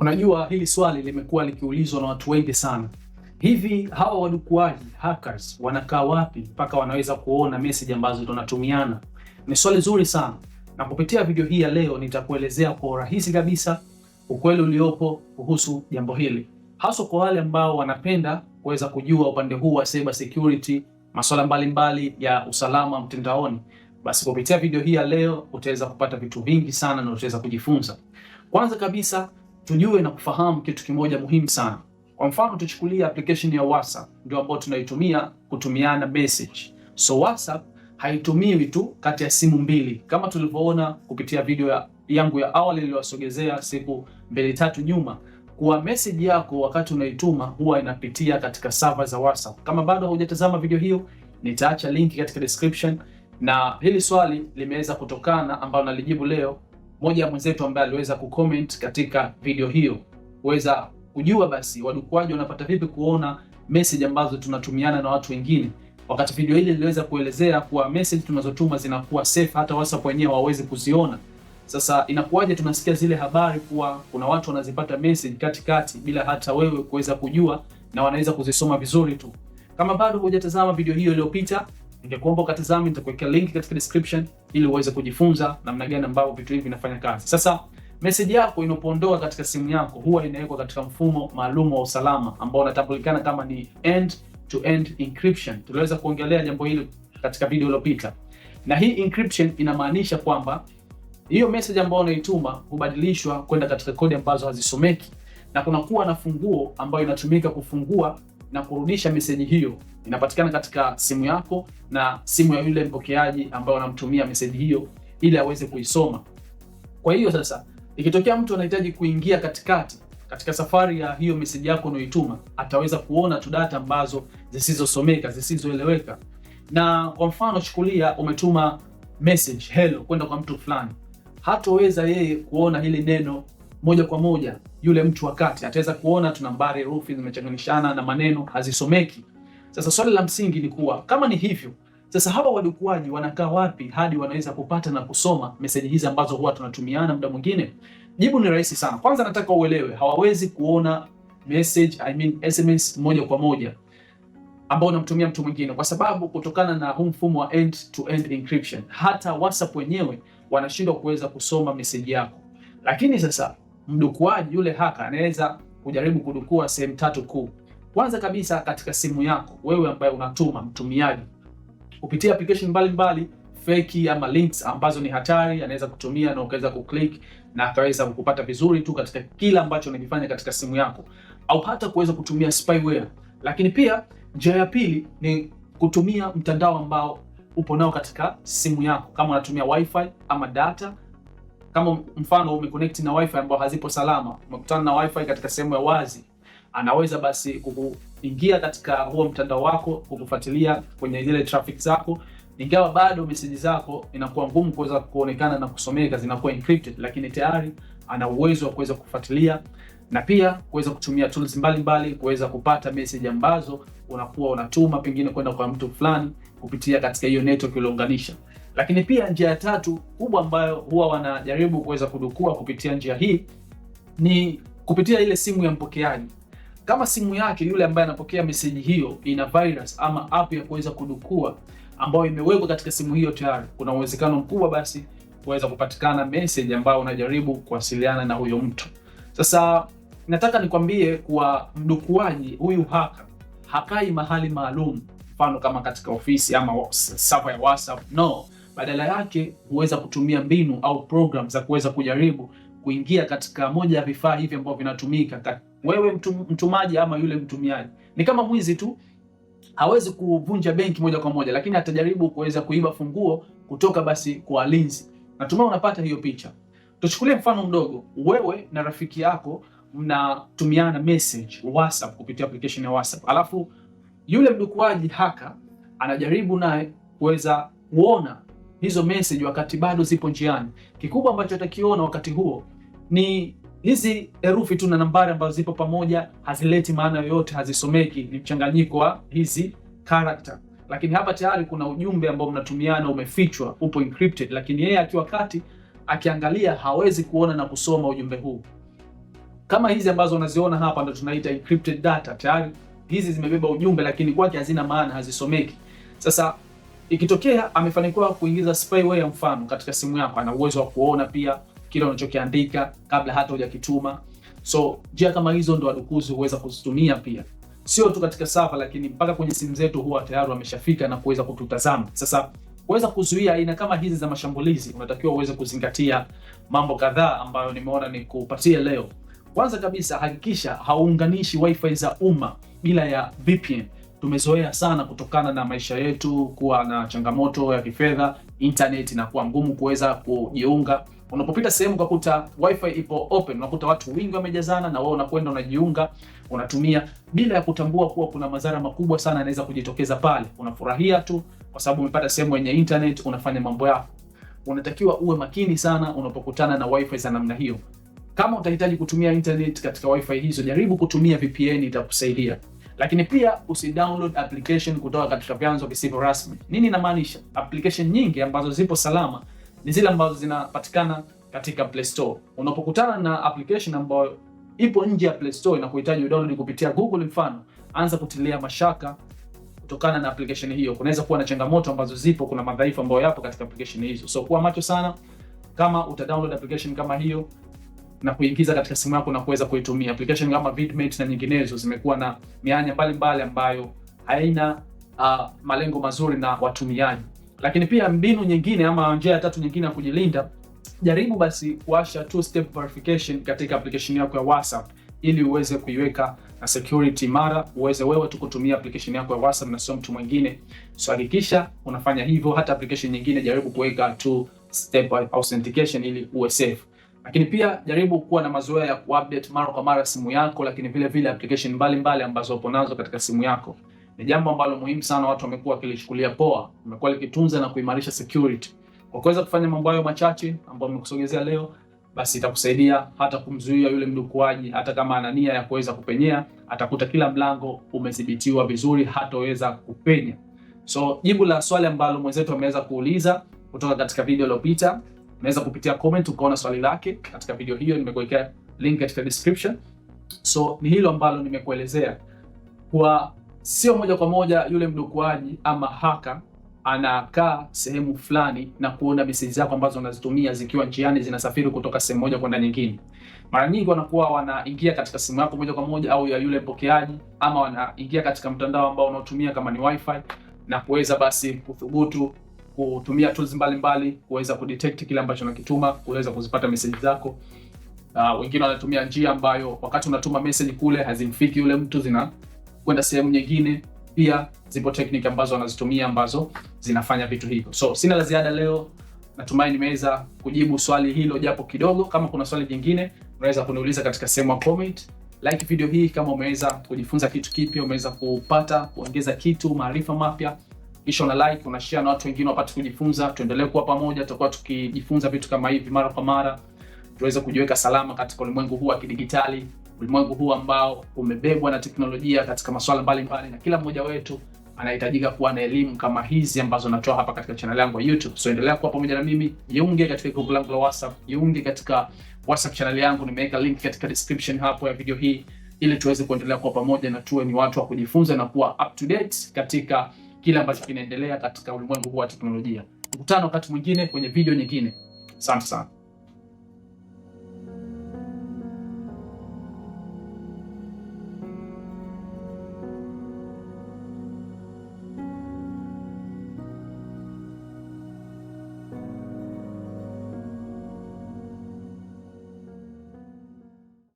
Unajua hili swali limekuwa likiulizwa na watu wengi sana. Hivi hawa wadukuaji hackers wanakaa wapi mpaka wanaweza kuona message ambazo tunatumiana? Ni swali zuri sana, na kupitia video hii ya leo nitakuelezea kwa urahisi kabisa ukweli uliopo kuhusu jambo hili, haswa kwa wale ambao wanapenda kuweza kujua upande huu wa cyber security, masuala mbalimbali ya usalama mtandaoni. Basi kupitia video hii ya leo utaweza kupata vitu vingi sana na utaweza kujifunza. Kwanza kabisa tujue na kufahamu kitu kimoja muhimu sana. Kwa mfano tuchukulie application ya WhatsApp ndio ambayo tunaitumia kutumiana message. So WhatsApp haitumiwi tu kati ya simu mbili kama tulivyoona kupitia video ya, yangu ya awali iliyowasogezea siku mbili tatu nyuma kuwa message yako wakati unaituma huwa inapitia katika server za WhatsApp. Kama bado haujatazama video hiyo, nitaacha link katika description, na hili swali limeweza kutokana ambalo nalijibu leo moja ya mwenzetu ambaye aliweza kucomment katika video hiyo, huweza kujua basi wadukuaji wanapata vipi kuona message ambazo tunatumiana na watu wengine, wakati video hili liliweza kuelezea kuwa message tunazotuma zinakuwa safe, hata WhatsApp wenyewe hawawezi kuziona. Sasa inakuwaje tunasikia zile habari kuwa kuna watu wanazipata message katikati bila hata wewe kuweza kujua na wanaweza kuzisoma vizuri tu? Kama bado hujatazama video hiyo iliyopita ningekuomba ukatizame, nitakuwekea link katika description ili uweze kujifunza namna gani ambavyo vitu hivi vinafanya kazi. Sasa meseji yako inapoondoka katika simu yako huwa inawekwa katika mfumo maalum wa usalama ambao unatambulikana kama ni end to end encryption. Tuliweza kuongelea jambo hili katika video iliyopita, na hii encryption inamaanisha kwamba hiyo message ambayo unaituma hubadilishwa kwenda katika kodi ambazo hazisomeki na kunakuwa na funguo ambayo inatumika kufungua na kurudisha meseji hiyo inapatikana katika simu yako na simu ya yule mpokeaji ambaye anamtumia meseji hiyo ili aweze kuisoma. Kwa hiyo sasa, ikitokea mtu anahitaji kuingia katikati katika safari ya hiyo meseji yako unayoituma, ataweza kuona tu data ambazo zisizosomeka, zisizoeleweka. Na kwa mfano, chukulia umetuma message hello kwenda kwa mtu fulani, hatoweza yeye kuona hili neno moja kwa moja yule mtu wa kati ataweza kuona tu nambari, herufi zimechanganishana na maneno hazisomeki. Sasa swali la msingi ni kuwa kama ni hivyo, sasa hawa wadukuaji wanakaa wapi hadi wanaweza kupata na kusoma meseji hizi ambazo huwa tunatumiana muda mwingine? Jibu ni rahisi sana. Kwanza nataka uelewe, hawawezi kuona message, I mean SMS moja kwa moja ambao unamtumia mtu mwingine, kwa sababu kutokana na huu mfumo wa end to end encryption, hata WhatsApp wenyewe wanashindwa kuweza kusoma meseji yako, lakini sasa Mdukuaji yule haka anaweza kujaribu kudukua sehemu tatu kuu. Kwanza kabisa, katika simu yako wewe ambaye unatuma mtumiaji kupitia application mbalimbali feki ama links ambazo ni hatari, anaweza kutumia na ukaweza kuclick na akaweza kukupata vizuri tu katika kila ambacho unakifanya katika simu yako, au hata kuweza kutumia spyware. Lakini pia njia ya pili ni kutumia mtandao ambao upo nao katika simu yako, kama unatumia wifi ama data kama mfano umeconnect na wifi ambao hazipo salama, umekutana na wifi katika sehemu ya wazi, anaweza basi kuingia katika huo mtandao wako, kukufuatilia kwenye zile traffic zako, ingawa bado message zako inakuwa ngumu kuweza kuonekana na kusomeka, zinakuwa encrypted, lakini tayari ana uwezo wa kuweza kufuatilia na pia kuweza kutumia tools mbalimbali kuweza kupata message ambazo unakuwa unatuma pengine kwenda kwa mtu fulani kupitia katika hiyo network uliounganisha. Lakini pia njia ya tatu kubwa ambayo huwa wanajaribu kuweza kudukua kupitia njia hii ni kupitia ile simu ya mpokeaji. Kama simu yake yule ambaye anapokea meseji hiyo ina virus ama app ya kuweza kudukua ambayo imewekwa katika simu hiyo tayari, kuna uwezekano mkubwa basi kuweza kupatikana message ambayo unajaribu kuwasiliana na huyo mtu. Sasa nataka nikwambie kuwa mdukuaji huyu haka hakai mahali maalum, mfano kama katika ofisi ama safa ya WhatsApp no. Badala yake huweza kutumia mbinu au program za kuweza kujaribu kuingia katika moja ya vifaa hivi ambavyo vinatumika wewe mtum, mtumaji ama yule mtumiaji. Ni kama mwizi tu, hawezi kuvunja benki moja kwa moja, lakini atajaribu kuweza kuiba funguo kutoka basi kwa walinzi. Natumai unapata hiyo picha. Tuchukulie mfano mdogo, wewe na rafiki yako mnatumiana message WhatsApp kupitia application ya WhatsApp, alafu yule mdukuaji haka anajaribu naye kuweza kuona hizo message wakati bado zipo njiani. Kikubwa ambacho utakiona wakati huo ni hizi herufi tu na nambari ambazo zipo pamoja, hazileti maana yoyote, hazisomeki, ni mchanganyiko wa hizi character. Lakini hapa tayari kuna ujumbe ambao mnatumiana umefichwa, upo encrypted, lakini yeye akiwa kati akiangalia hawezi kuona na kusoma ujumbe huu. Kama hizi ambazo unaziona hapa ndo tunaita encrypted data. Tayari hizi zimebeba ujumbe, lakini kwake hazina maana, hazisomeki. Sasa Ikitokea amefanikiwa kuingiza spyware ya mfano katika simu yako, ana uwezo wa kuona pia kile unachokiandika kabla hata hujakituma. So njia kama hizo ndo wadukuzi huweza kuzitumia pia, sio tu katika safa, lakini mpaka kwenye simu zetu huwa tayari wameshafika na kuweza kututazama. Sasa kuweza kuzuia aina kama hizi za mashambulizi, unatakiwa uweze kuzingatia mambo kadhaa ambayo nimeona ni kupatia leo. Kwanza kabisa, hakikisha hauunganishi wifi za umma bila ya VPN tumezoea sana kutokana na maisha yetu kuwa na changamoto ya kifedha, internet inakuwa ngumu kuweza kujiunga. Unapopita sehemu ukakuta wifi ipo open, unakuta watu wengi wamejazana, na wewe unakwenda unajiunga, unatumia bila ya kutambua kuwa kuna madhara makubwa sana yanaweza kujitokeza pale. Unafurahia tu kwa sababu umepata sehemu yenye internet, unafanya mambo yako. Unatakiwa uwe makini sana unapokutana na wifi za namna hiyo. Kama utahitaji kutumia internet katika wifi hizo, jaribu kutumia VPN, itakusaidia. Lakini pia usidownload application kutoka katika vyanzo visivyo rasmi. Nini inamaanisha? Application nyingi ambazo zipo salama ni zile ambazo zinapatikana katika Play Store. Unapokutana na application ambayo ipo nje ya Play Store na kuhitaji udownload kupitia Google mfano, anza kutilia mashaka kutokana na application hiyo. Kunaweza kuwa na changamoto ambazo zipo, kuna madhaifu ambayo yapo katika application hizo. So kuwa macho sana kama utadownload application kama hiyo na kuingiza katika simu yako na kuweza kuitumia. Application kama Vidmate na nyinginezo zimekuwa na mianya mbalimbali ambayo haina uh, malengo mazuri na watumiaji. Lakini pia mbinu nyingine ama njia ya tatu nyingine ya kujilinda, jaribu basi kuwasha two step verification katika application yako ya WhatsApp ili uweze kuiweka na security mara uweze wewe tu kutumia application yako ya WhatsApp na sio mtu mwingine. So hakikisha unafanya hivyo. Hata application nyingine jaribu kuweka two step authentication ili uwe safe. Lakini pia jaribu kuwa na mazoea ya kuupdate mara kwa mara simu yako, lakini vile vile application mbalimbali ambazo upo nazo katika simu yako. Ni jambo ambalo muhimu sana watu wamekuwa wakilichukulia poa, wamekuwa likitunza na kuimarisha security. Kwa kuweza kufanya mambo hayo machache ambayo nimekusogezea leo, basi itakusaidia hata kumzuia yule mdukuaji. Hata kama ana nia ya kuweza kupenyea, atakuta kila mlango umedhibitiwa vizuri, hataweza kupenya. So jibu la swali ambalo mwenzetu ameweza kuuliza kutoka katika video iliyopita Unaweza kupitia comment ukaona swali lake katika video hiyo, nimekuwekea link katika description. So ni hilo ambalo nimekuelezea kwa sio moja kwa moja yule mdukuaji ama haka anakaa sehemu fulani na kuona meseji zako ambazo unazitumia zikiwa njiani zinasafiri kutoka sehemu moja kwenda nyingine. Mara nyingi wanakuwa wanaingia katika simu yako moja kwa moja au ya yule mpokeaji, ama wanaingia katika mtandao ambao unaotumia kama ni wifi, na kuweza basi kuthubutu kutumia tools mbalimbali kuweza kudetect kile ambacho unakituma, kuweza kuzipata message zako. Uh, wengine wanatumia njia ambayo wakati unatuma message kule hazimfiki yule mtu, zina kwenda sehemu nyingine. Pia zipo technique ambazo wanazitumia ambazo zinafanya vitu hivyo. So sina la ziada leo, natumai nimeweza kujibu swali hilo japo kidogo. Kama kuna swali jingine unaweza kuniuliza katika sehemu ya comment. Like video hii kama umeweza kujifunza kitu kipya, umeweza kupata kuongeza kitu maarifa mapya kisha una like, una share na watu wengine wapate kujifunza. Tuendelee kuwa pamoja, tutakuwa tukijifunza vitu kama hivi mara kwa mara, tuweze kujiweka salama katika ulimwengu huu wa kidigitali, ulimwengu huu ambao umebebwa na teknolojia katika masuala mbalimbali, na kila mmoja wetu anahitajika kuwa na elimu kama hizi ambazo natoa hapa katika channel yangu ya YouTube. So endelea kuwa pamoja na mimi, jiunge katika group langu la WhatsApp, jiunge katika WhatsApp channel yangu, nimeweka link katika description hapo ya video hii, ili tuweze kuendelea kuwa pamoja na tuwe ni watu wa kujifunza na kuwa up to date katika kile ambacho kinaendelea katika ulimwengu huu wa teknolojia. Tukutane wakati mwingine kwenye video nyingine. Asante sana.